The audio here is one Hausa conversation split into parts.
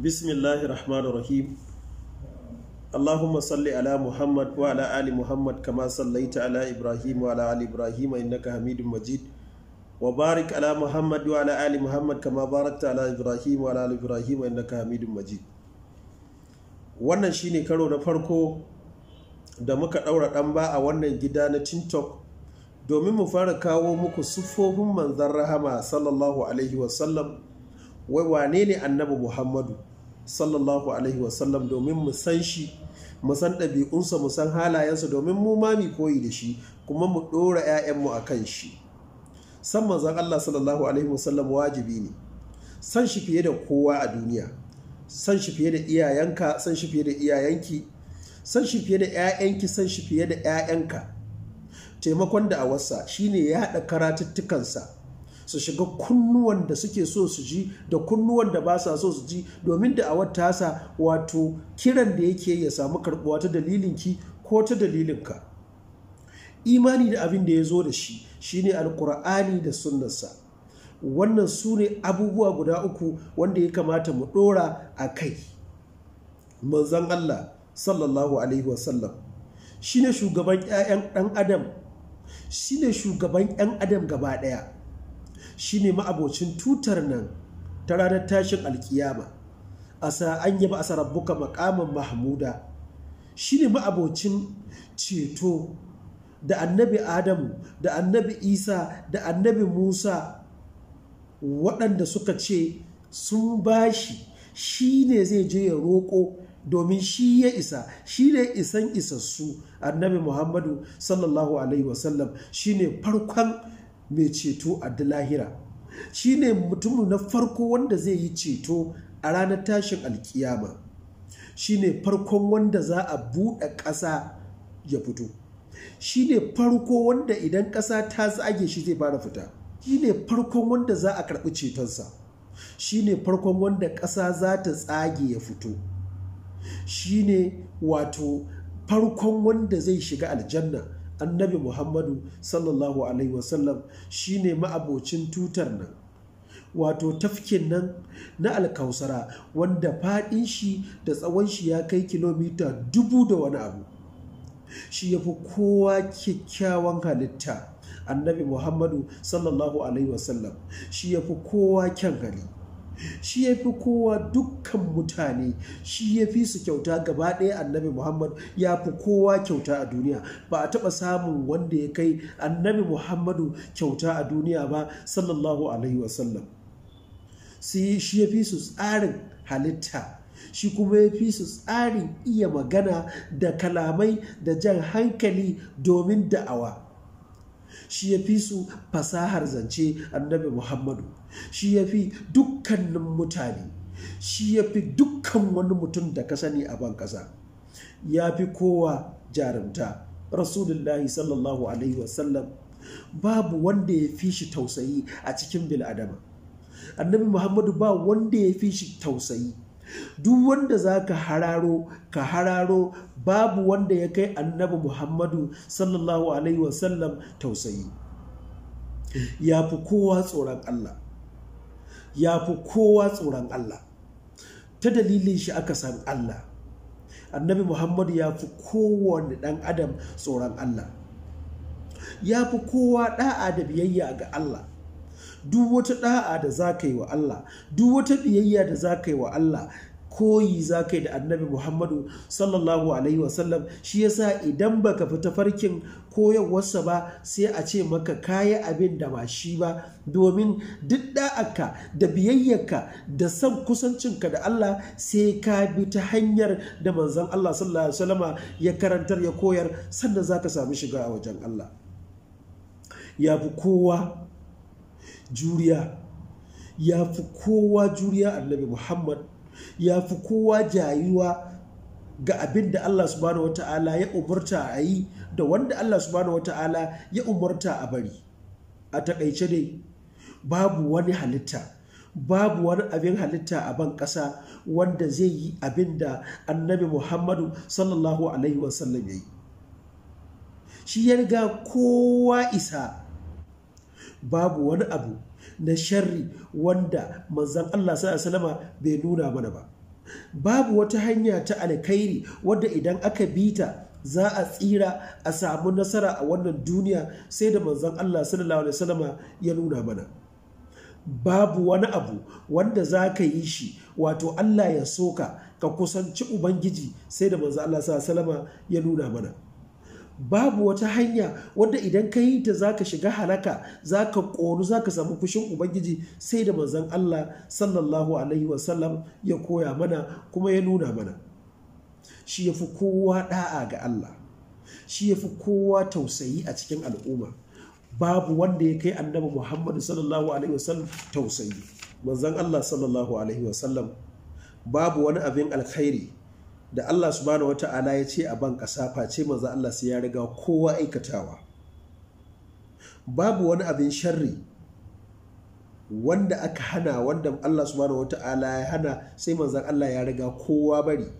bismillahi rahmanir rahim allahumma salli ala muhammad wa ala ali muhammad kama sallaita ala ibrahim wa ala ali ibrahim naka hamidun majid wa barik ala muhammad wa ala ali muhammad kama barakta ala ibrahim wa ala ali ibrahim naka hamidun majid wannan shi ne karo na farko da muka ɗaura ɗan ba a wannan gida na tintok domin mu fara kawo muku siffofin manzan rahama sallallahu alaihi wasallam wai wane ne annabi muhammadu sallallahu alaihi wasallam domin mu san shi mu san ɗabi'unsa mu san halayensa domin mu ma mi koyi da shi kuma mu ɗora 'ya'yanmu a kan shi san manzan Allah sallallahu alaihi wasallam wajibi ne san shi fiye da kowa a duniya san shi fiye da iyayenka san shi fiye da iyayenki san shi fiye da 'ya'yanki san shi fiye da 'ya'yanka taimakon da a wasa shine ya haɗa karatuttukansa su shiga kunnuwan da suke so su ji da kunnuwan da ba sa so su ji domin da a tasa wato kiran da yake ya samu karbuwa ta dalilinki ko ta dalilinka imani da abin da ya zo da shi shine alkur'ani da sunnarsa wannan su ne abubuwa guda uku wanda ya kamata mu ɗora a kai manzon allah sallallahu alaihi wasallam shine shugaban 'ya'yan ɗan adam shine shugaban 'yan adam gaba ɗaya Shi ne ma'abocin tutar nan ta ranar tashin alkiyama a sa an yaba asa rabbuka maqaman mahmuda ne ma'abocin ceto da annabi adamu da annabi isa da annabi musa waɗanda suka ce sun bashi shi ne zai je ya roƙo domin shi ya isa shi ne isan isassu annabi muhammadu sallallahu alaihi wasallam shi ne farkon mai ceto a lahira shi ne mutumin na farko wanda zai yi ceto a ranar tashin alkiyama shi ne farkon wanda za a buɗe ƙasa ya fito shi ne farko wanda idan ƙasa ta zage shi zai fara fita shi ne farkon wanda za a karɓi cetonsa shi ne farkon wanda ƙasa za ta tsage ya fito shi ne wato farkon wanda zai shiga aljanna annabi muhammadu sallallahu alaihi wasallam shine ma'abocin tutar nan wato tafkin nan na alkausara wanda faɗin shi da tsawon shi ya kai kilomita dubu da wani abu shi ya fi kowa kyakkyawan halitta annabi muhammadu sallallahu alaihi wasallam shi ya fi kowa kyan hali shi ya fi kowa dukkan mutane shi ya fi su kyauta gaba ɗaya annabi Muhammadu ya fi kowa kyauta a duniya ba a taɓa samun wanda ya kai annabi muhammadu kyauta a duniya ba sallallahu alaihi wasallam shi ya fi su tsarin halitta shi kuma ya fi su tsarin iya magana da kalamai da jan hankali domin da'awa shi ya fi su fasahar zance annabi muhammadu shi ya fi dukkanin mutane shi ya fi dukkan wani mutum da ka sani a ban ƙasa ya fi kowa jarumta rasulullahi sallallahu alaihi wasallam babu wanda ya fi shi tausayi a cikin bil'adama annabi muhammadu ba wanda ya fi shi tausayi duk wanda za ka hararo ka hararo babu wanda ya kai annabi muhammadu sallallahu alaihi wasallam tausayi ya fi kowa tsoron allah ya fi kowa tsoron allah ta dalilin shi aka san allah annabi muhammadu ya fi kowane ɗan adam tsoron allah ya fi kowa ɗa'a da biyayya ga allah duk wata da'a da za ka yi wa Allah duk wata biyayya da za ka yi wa Allah koyi za ka yi da annabi muhammadu sallallahu alaihi wasallam shi yasa idan baka fita farkin koyarwarsa ba sai a ce maka kaya abin da ba shi ba domin duk da'aka da biyayyarka da san kusancinka da Allah sai ka bi ta hanyar da manzon Allah sallallahu alaihi wasallama ya karantar ya koyar sannan za ka samu shiga a wajen Allah ya fi kowa juriya ya fi kowa juriya annabi muhammad ya fi kowa jayuwa ga abin da allah subhanahu wata'ala ya umarta a yi da wanda allah subhanahu wata'ala ya umarta a bari a takaice dai babu wani halitta babu wani abin halitta a ban ƙasa wanda zai yi abin da annabi muhammadu sallallahu alaihi wasallam ya yi shi ya riga kowa isa babu wani abu na sharri wanda manzan Allah sallallahu bai nuna mana ba babu wata hanya ta alkhairi wadda idan aka bi ta za a tsira a samu nasara a wannan duniya sai da manzan Allah sallallahu alaihi wasallama ya nuna mana babu wani abu wanda za ka yi shi wato Allah ya soka ka kusanci ubangiji sai da manzan Allah sallallahu alaihi wasallama ya nuna mana babu wata hanya wadda idan ka yi ta zaka shiga halaka zaka ƙoru, zaka samu fushin ubangiji sai da manzon Allah sallallahu alaihi wasallam ya koya mana kuma ya nuna mana shi ya fi kowa da'a ga Allah shi ya fi kowa tausayi a cikin al'umma babu wanda ya kai annabi Muhammad sallallahu alaihi wasallam tausayi manzon Allah sallallahu alaihi wasallam babu wani abin alkhairi da Allah subhanahu wata'ala ya ce a ban ƙasa face manzo Allah sai ya riga kowa aikatawa babu wani abin sharri wanda aka hana wanda Allah subhanahu ala ya hana sai maza Allah ya riga kowa bari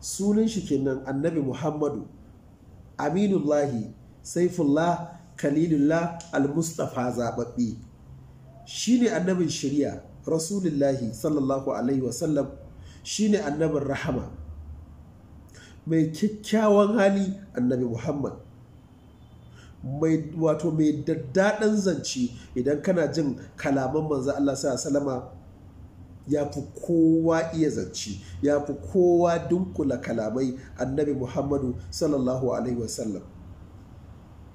sunan shi kenan annabi Muhammadu Aminullahi Saifullah Kalilullah Al-Mustafa zababbe shine annabin shari'a Rasulullahi sallallahu alaihi wasallam shine annabin rahama mai kyakkyawan hali annabi muhammad mai wato mai daddaɗan zance idan kana jin kalaman manzo Allah salama ya fi kowa iya zance ya fi kowa dunkula kalamai annabi muhammadu sallallahu alaihi wasallam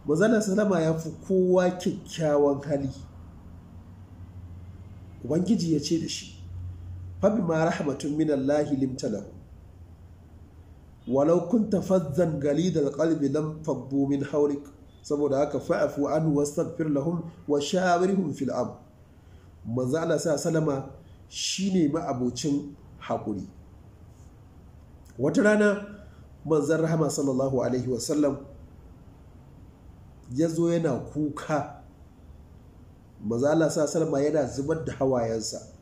Allah salama ya fi kowa kyakkyawan hali ubangiji ya ce da shi fabi ma rahmatun minan lahi limta da walau kunta fazzan galidal qalbi lam fabbu min haulik saboda haka fa'afu an wastaghfir lahum wa shawirhum fil am manzo Allah sa salama shine ma'abocin hakuri wata rana manzon rahama sallallahu alaihi wasallam ya zo yana kuka manzo Allah sa salama yana zubar da hawayensa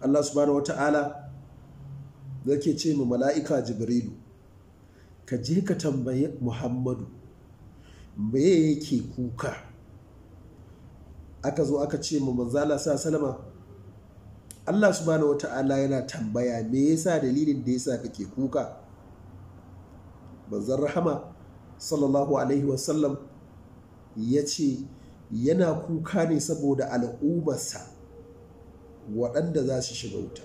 Allah subhanahu wata'ala ke ce mu mala'ika jibrilu ka je ka tambayi muhammadu me yake kuka aka zo aka ce mu manzala sa salama Allah subhanahu wata'ala yana tambaya me yasa dalilin da yasa kake kuka manzon rahama sallallahu alaihi wasallam ya ce yana kuka ne saboda al'ummarsa waɗanda za su shiga wuta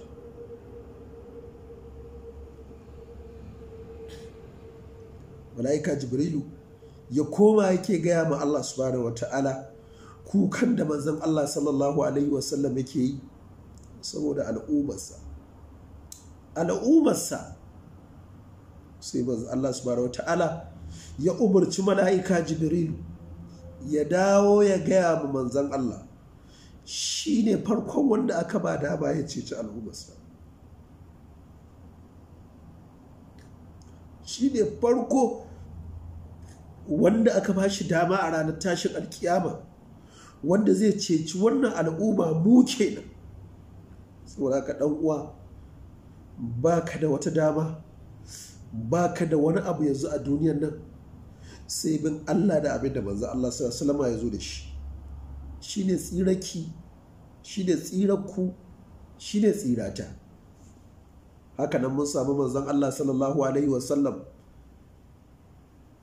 mala'ika jibrilu ya koma yake gaya ma Allah subhanahu wata'ala kukan da manzan Allah sallallahu alaihi wasallam yake yi saboda al'ummarsa al'ummarsa sai manzon Allah subhanahu wata'ala ya umarci mala'ika jibrilu ya dawo ya gaya ma manzan Allah shi ne farkon wanda aka ba da ba ya ceci al'ummarsa shi ne farko wanda aka ba shi dama a ranar tashin alkiyama wanda zai ceci wannan al'umma mu kenan saboda ka ɗan uwa ba ka da wata dama ba ka da wani abu yanzu a duniyan nan sai bin Allah da abin da manzo Allah sallallahu ya zo da shi shi ne tsiraki shi ne tsirakku shi ne tsirata hakanan mun samu manzon Allah sallallahu alaihi wasallam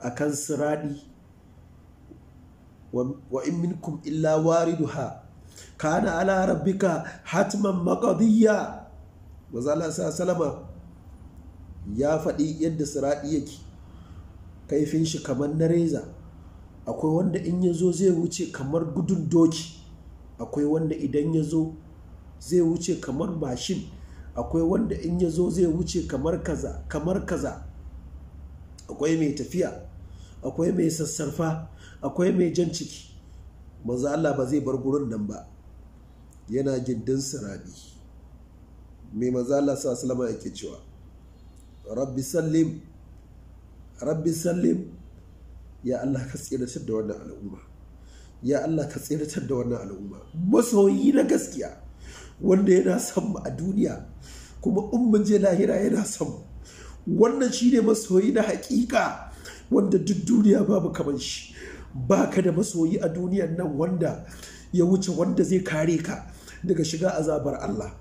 a kan siradi wa in minkum illa wariduha kana ala rabbika hatman maqadiyya manzon Allah sallallahu ya faɗi yadda siradi yake kaifin shi kamar na reza akwai wanda in ya zo zai wuce kamar gudun doki akwai wanda idan ya zo zai wuce kamar mashin akwai wanda in ya zo zai wuce kamar kaza kamar kaza akwai mai tafiya akwai mai sassarfa akwai mai jan ciki manzo Allah ba zai bar gurin nan ba yana gindin sarabi mai manzo Allah sallallahu alaihi wasallam yake cewa rabbi sallim rabbi sallim ya Allah ka tsiratar da wannan al'umma ya Allah ka tsiratar da wannan al'umma masoyi na gaskiya wanda yana son mu a duniya kuma in mun je lahira yana son mu wannan shine masoyi na hakika wanda duk duniya babu kaman shi baka da masoyi a duniyan nan wanda ya wuce wanda zai kare ka daga shiga azabar Allah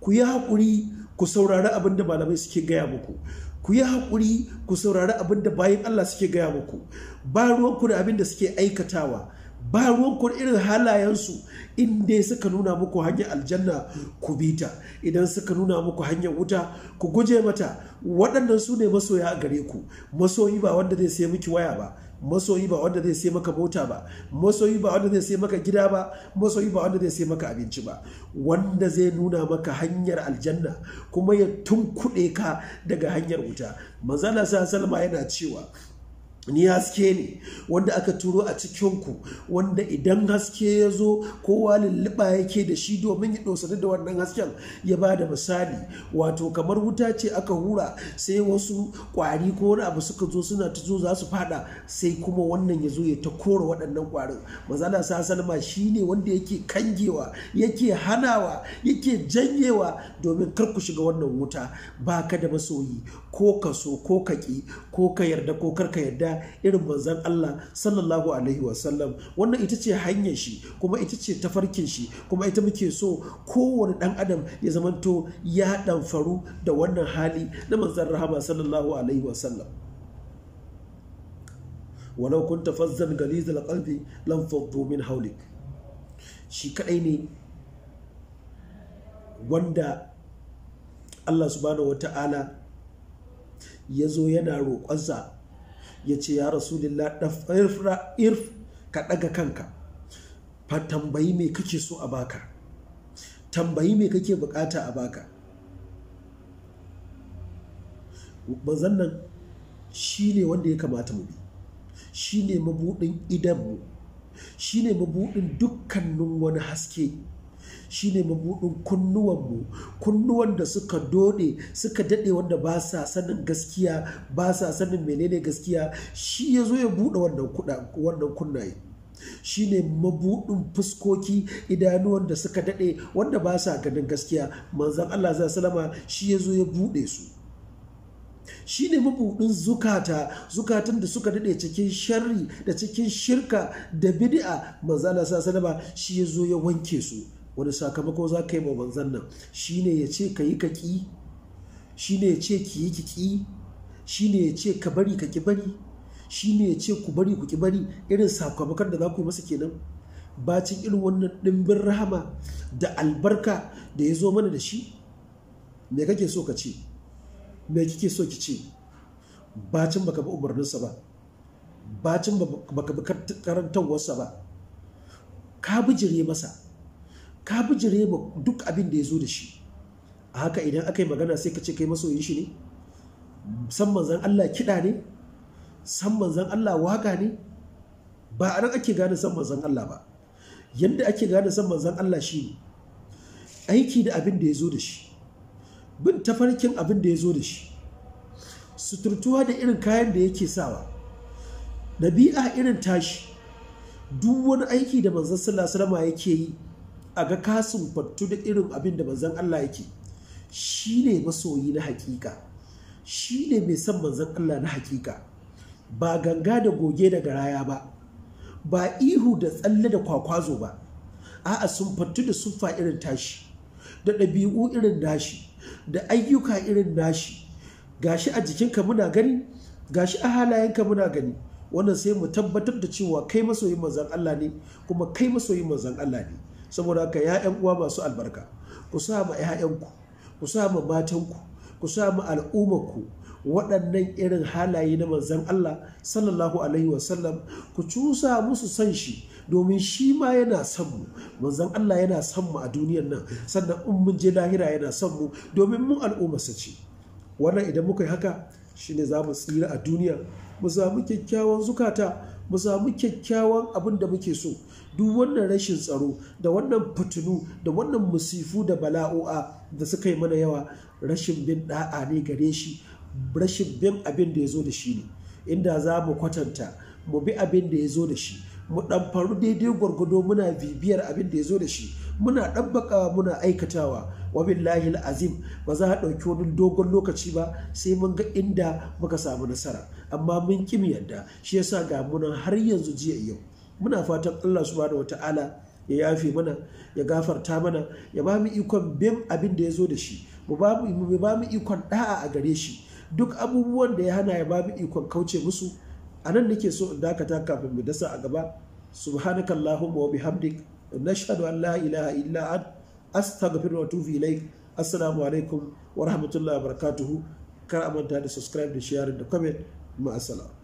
ku yi haƙuri ku saurari abin da malamai suke gaya muku ku yi haƙuri ku saurari abin da bayan Allah suke gaya muku ba ruwanku da abin da suke aikatawa ba ruwan da irin halayensu in dai suka nuna muku hanyar aljanna ku bi ta idan suka nuna muku hanyar wuta ku guje mata waɗannan su ne masoya a gare ku masoyi ba wanda zai sai miki waya ba masoyi ba wanda zai sai maka mota ba masoyi ba wanda zai sai maka gida ba masoyi ba wanda zai sai maka abinci ba wanda zai nuna maka hanyar aljanna kuma ya tunkuɗe ka daga hanyar wuta manzala sa salma yana cewa ni haske ne wanda aka turo a cikinku wanda idan haske ya zo kowa lulluɓa yake da shi domin ya ɗosani da wannan hasken ya ba da misali wato kamar wuta ce aka hura sai wasu ƙwari ko wani abu suka zo suna ta zo za su fada sai kuma wannan ya zo ya ta kora waɗannan ƙwarin mazala sa salma shi ne wanda yake kangewa yake hanawa yake janyewa domin kar ku shiga wannan wuta ba ka da masoyi ko ka so ko ka ƙi ko ka yarda ko kar ka yarda irin manzan Allah sallallahu alaihi wasallam wannan ita ce hanyar shi kuma ita ce tafarkin shi kuma ita muke so kowane ɗan adam ya zamanto ya faru da wannan hali na manzan rahama sallallahu alaihi wasallam walau kun tafazzan galizal qalbi lam faddu min haulik shi kadai ne wanda Allah subhanahu wata'ala ya zo yana roƙonsa ya ce ya rasulillah irfra irf ka ɗaga kanka fa tambayi me kake so a baka tambayi me kake bukata a baka banzan nan shi ne wanda ya kamata mu bi shi ne mabuɗin idanmu shi ne mabuɗin dukkanin wani haske shine mabuɗin kunnuwanmu kunnuwan da suka dode suka daɗe wanda ba sa sanin gaskiya ba sa sanin menene gaskiya shi ya zo ya bude wannan kunnaye shine mabudin fuskoki idanuwan da suka dade wanda ba sa ganin gaskiya manzan Allah za salama shi ya zo ya bude su shi ne mabuɗin zukata zukatun da suka daɗe cikin sharri da cikin shirka da bid'a manzan Allah za salama shi ya zo ya wanke su wani sakamako za ka yi ma manzan nan shine ya ce ka yi ka ƙi shine ya ce ki yi ki ƙi shine ya ce ka bari ka ƙi bari shine ya ce ku bari ku ƙi bari irin sakamakon da za ku yi masa kenan bacin irin wannan ɗimbin rahama da albarka da ya zo mana da shi me kake so ka ce me kike so ki ce bacin baka bi umarninsa ba bacin baka bi karantarwarsa ba ka bijire masa ka bijire ba duk abin da ya zo da shi a haka idan aka yi magana sai ka ce kai masoyin shi ne san manzan Allah kiɗa ne san manzan Allah waka ne ba a nan ake gane san manzan Allah ba yadda ake gane san manzan Allah shi ne aiki da abin da ya zo da shi bin tafarkin abin da ya zo da shi suturtuwa da irin kayan da yake sawa ɗabi'a irin tashi duk wani aiki da manzan sallallahu alaihi yake yi a ga kasin fattu da irin abin da manzan Allah yake shi ne masoyi na hakika shi ne mai san manzan Allah na hakika ba ganga da goge da garaya ba ba ihu da tsalle da kwakwazo ba a'a sun fattu da siffa irin tashi da ɗabi'u irin nashi da ayyuka irin nashi gashi a jikinka muna gani gashi a halayenka muna gani wannan sai mu tabbatar da cewa kai masoyin mazan Allah ne kuma kai masoyin mazan Allah ne saboda haka ya'yan uwa masu albarka ku sa ma ya'yanku ku sa ma matanku ku sa ma al'ummarku waɗannan irin halaye na manzan Allah sallallahu alaihi wasallam ku cusa musu son shi domin shi ma yana son mu manzan Allah yana son mu a duniyar nan sannan in mun je lahira yana son mu domin mun al'ummarsa ce wannan idan muka yi haka shine za mu tsira a duniya mu samu kyakkyawan zukata mu samu kyakkyawan abin da muke so duk wannan rashin tsaro da wannan fitinu da wannan musifu da bala'o'a da suka yi mana yawa rashin bin da'a ne gare shi rashin bin abin da ya zo da shi ne inda za mu kwatanta mu bi abin da ya zo da shi mu ɗan faru daidai gwargwado muna bibiyar abin da ya zo da shi muna ɗabbaka muna aikatawa wa billahi azim ba za a ɗauki wani dogon lokaci ba sai mun ga inda muka samu nasara amma mun kim yadda shi yasa ga munan har yanzu jiya yau muna fatan Allah subhanahu wataala ya yafe mana ya gafarta mana ya ba mu ikon bin abin da ya zo da shi mu ba mu ikon da'a a gare shi duk abubuwan da ya hana ya ba mu ikon kauce musu a nan nake so in dakata kafin mu dasa a gaba subhanakallahumma wa bihamdik nashhadu an la ilaha illa anta astaghfiruka wa atubu ilaik assalamu alaikum wa rahmatullahi wa barakatuhu kar a manta da subscribe da share da comment ma'asala